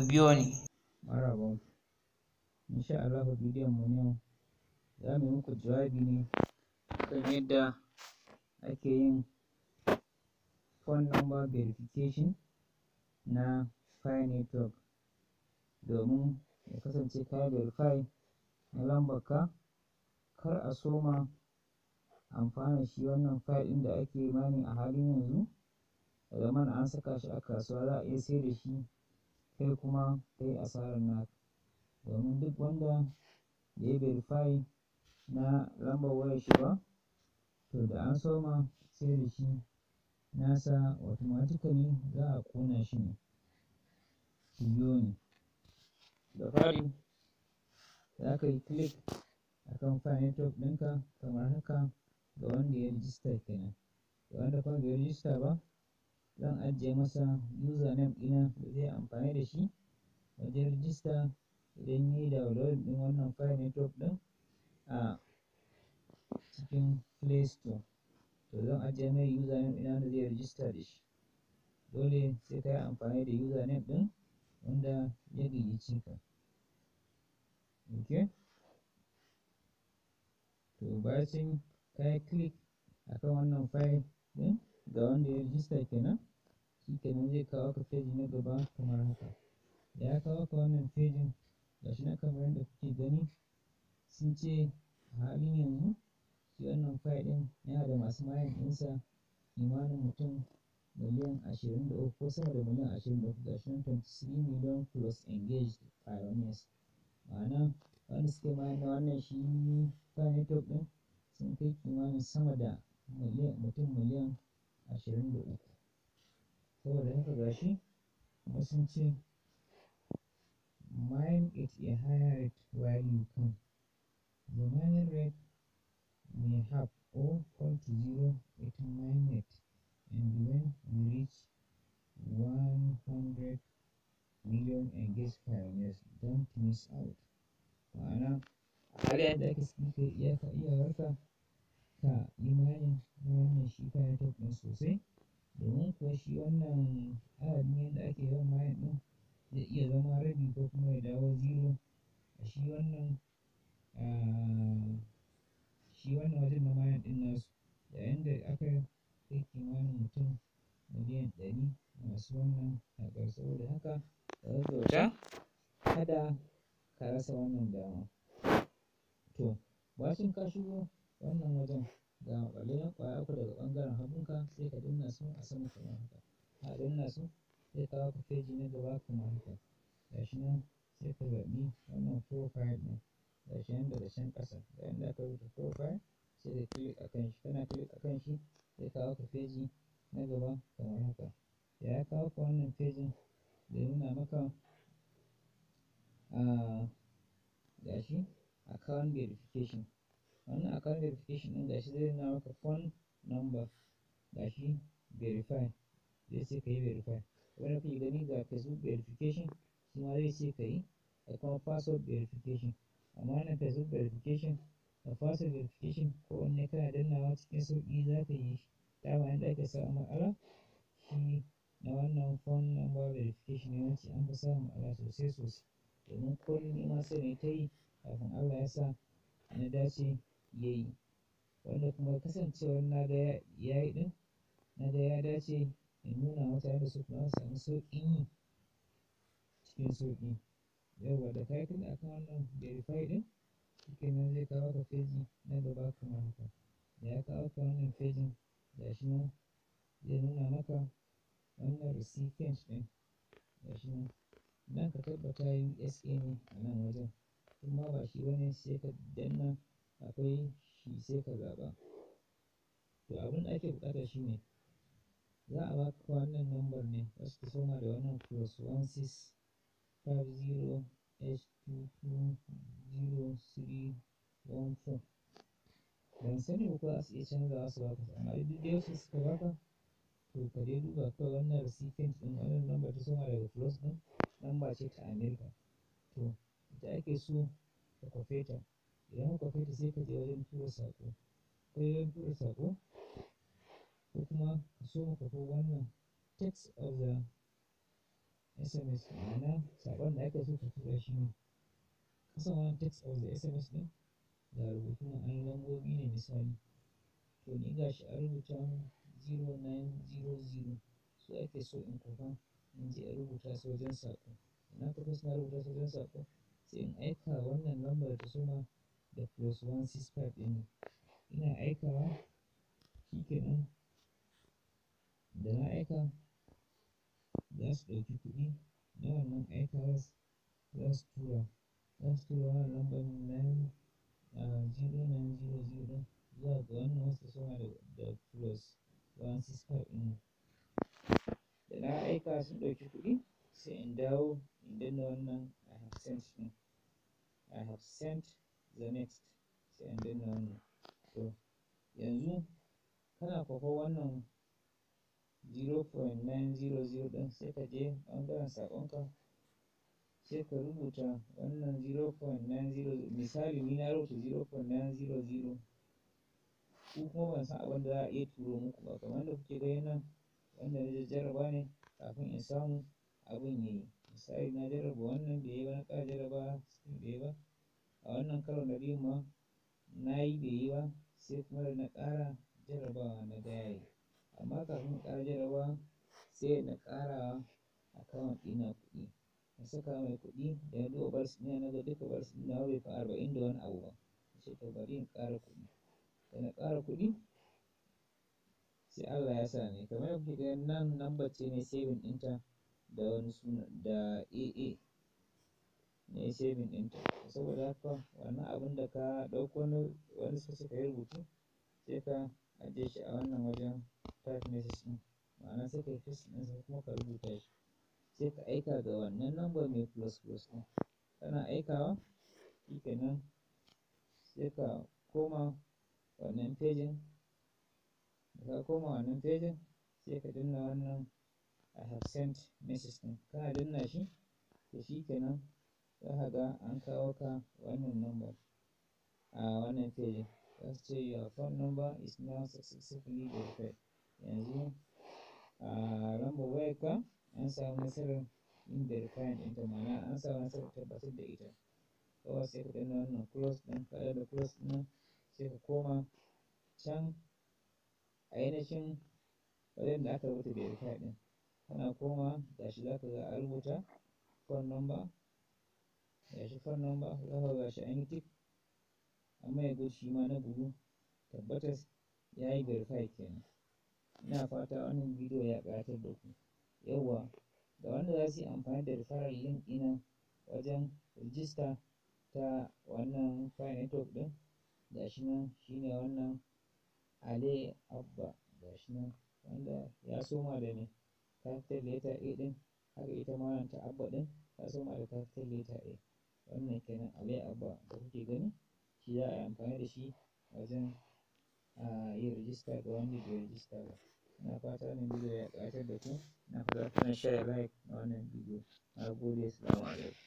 ku biyo ni. Marhaban, insha Allah bidiyon mu na yau za mu yi muku jawabi ne kan yadda ake yin phone number verification na Pi network domin ya kasance ka verify na lambar ka kar a soma amfana shi wannan fayil ɗin da ake mining a halin yanzu ya zamana an saka shi a kasuwa za a iya sai da shi kai kuma kai asarar naka. Domin duk wanda ya yi verify na lambar wayar shi ba, to da an soma da shi nasa automatically za a ƙona shi ne, shi biyo ne. Da fari za ka yi click akan Pi network ɗinka kamar haka ga wanda ya rijista kenan, ga wanda kuma bai register ba zan ajiye masa username ɗina da zai amfani da shi wajen rijista idan ya yi download ɗin wannan file network ɗin a cikin play store to zan ajiye mai username ɗina da zai rijista da shi dole sai ka yi amfani da username ɗin wanda ya gayyace ka okay to bacin ka yi click akan wannan file ɗin ga wanda ya rijista kenan shi kenan zai kawo ka feji na gaba kamar haka ya kawo ka wannan fejin shi na kamar yadda kuke gani sun ce a halin yanzu shi wannan fayil ɗin yana da masu mayan ɗinsa imanin mutum miliyan ashirin da uku ko sama da miliyan ashirin da uku shi nan twenty three million plus engaged pioneers ma'ana wanda suke mayan da wannan shi fayil network ɗin sun kai kimanin sama da mutum miliyan ashirin da uku saboda haka gashi sun ce mine it a higher rate while you come, the mining rate may have all fall to zero at mine rate and when you reach 100 million and guess pioneers don't miss out ma'ana a halin da ake suke iyaka iyawarka ta imanin na wannan shi kayan ɗin sosai domin kuwa shi wannan adadin yadda ake yawan mayan ɗin zai iya zama rabi ko kuma ya dawo zero a shi wannan shi wannan wajen na mayan ɗin nasu yayin da aka kai kimanin mutum miliyan ɗari masu wannan haƙar saboda haka kyauta kada ka rasa wannan dama to bacin ka shigo wannan wajen ga maƙallan ƙwaya uku daga ɓangaren hagunka sai ka danna su a sama kamar haka ka danna su sai ka ku feji na gaba kamar haka shi nan sai ka zaɓi wannan profile ɗin shi nan daga can ƙasa ga yadda aka rubuta profile sai ka a akan shi kana a akan shi sai kawo ka feji na gaba kamar haka ya ya kawo ka wannan fejin da nuna maka a ah, gashi account verification wannan account verification ɗin gashi zai nuna maka phone number gashi verify zai sai ka yi verify wanda kuke gani ga facebook verification shi ma zai ce ka yi da kuma password verification amma wannan facebook verification da password verification ko wanne kana dannawa cikin sauƙi za ka yi ta bayan da samun samu matsala shi na wannan phone number verification yawanci an fi samun matsala sosai sosai domin kullum ma sai ne ta yi kafin Allah ya sa na dace ya yi wanda kuma kasancewar na ga ya yi ɗin na ga ya dace in nuna mutane da su kuma samu sauƙin yi cikin sauƙi yawwa da kayi tun akan wannan verify ɗin shi nan zai kawo ka feji na gaba kuma haka da ya kawo ka wannan fejin ga shi nan zai nuna maka wannan recipient ɗin ga shi nan nan ka tabbata sa ne a nan wajen kuma ba shi wani sai ka danna akwai shi sai ka zaɓa. To abin da ake buƙata shine za a baka wannan number ne wasu su soma da wannan plus one six five zero H two two zero three one four. Ban sani ba ko za su iya canzawa su baka amma duk dai wasu suka baka to ka dai duba kawai wannan recipient ɗin wannan number ta soma daga plus ɗin lamba ce ta America to ita ake so ka kwafe ta. idan ka kai ta sai ka je wajen tura saƙo ko wajen tura saƙo ko kuma ka so ka ko wannan text of the sms ma'ana saƙon da aka so ka tura shi ne kasan wannan text of the sms ɗin ga rubutu na an lambobi ne misali to ni ga shi an rubuta 0900 so ake so in kufa in je a rubuta su wajen saƙo na kufa na rubuta sojan saƙo sai in aika wannan lambar ta suma da plus one six ina aikawa shi kenan da na aika za su ɗauki kuɗi na wannan aikawa za su tura za su tura lambar nine zero nine zero zero ga wannan wasu da plus da na aika sun ɗauki kuɗi sai in dawo in danna wannan I have sent I have sent the next sai wannan to yanzu kana kwafar wannan 0.900 ɗin sai ka je ɓangaren saƙonka sai ka rubuta wannan 0.900 misali ni na rubuta 0.900 ku kuma ban san abin da za a iya turo muku ba kamar da kuke gani nan wanda na jarraba ne kafin in samu abin yi misali na jarraba wannan bai yi ba na ƙara jarraba bai yi ba a wannan karon na biyun ma na yi bai yi ba sai kuma da na ƙara jarabawa na daya amma kafin na ƙara jarabawa sai na ƙara account ɗina kuɗi na saka mai kuɗi da na duba bars ɗina na ga duka bars ɗina bai fi arba'in da wani abu ba na ce to bari in ƙara kuɗi da na ƙara kuɗi sai Allah ya sa ni kamar yadda kuke ganin nan lamba ce ne saving ɗinta da wani suna da AA ne yi saving ɗinta saboda haka wannan abun da ka ɗauko wani space suka yi rubutu sai ka ajiye shi a wannan wajen type message ɗin ma'ana sai ka yi ɗin ɗinsa kuma ka rubuta shi sai ka aika ga wannan number mai plus plus ɗin kana aikawa shi kenan sai ka koma wannan pejin da ka koma wannan pejin sai ka danna wannan I have sent message ɗin kana danna shi to shi kenan za ka ga an kawo ka wannan number a wannan page za su ce your phone number is now successfully verified yanzu a lambar wayarka an samu nasarar yin verifying ta ma'ana an samu nasarar tabbatar da ita kawai sai ka danna wannan cross ɗin kaɗa da cross ɗin sai ka koma can ainihin wajen da aka rubuta verify din kana koma gashi za ka ga a rubuta phone number yashi nan ba za ka shi an yi tik amma ya shi ma na bulu tabbatas ya yi verify kenan ina fata wannan bidiyo ya ƙayatar da ku yauwa ga wanda za su yi amfani da referral link ina wajen rijista ta wannan fire network ɗin gashi nan shine wannan ale abba gashi nan wanda ya soma da ne capital letter a ɗin haka ita ma ta abba ɗin ta soma da capital letter a wannan kenan alai abba da kuke gani shi za a yi amfani da shi wajen a yin rijista ga wanda bai rijista ba na fata wannan bidiyo ya ƙayatar da ku na fata kuna share like na wannan bidiyo na gode salamu alaikum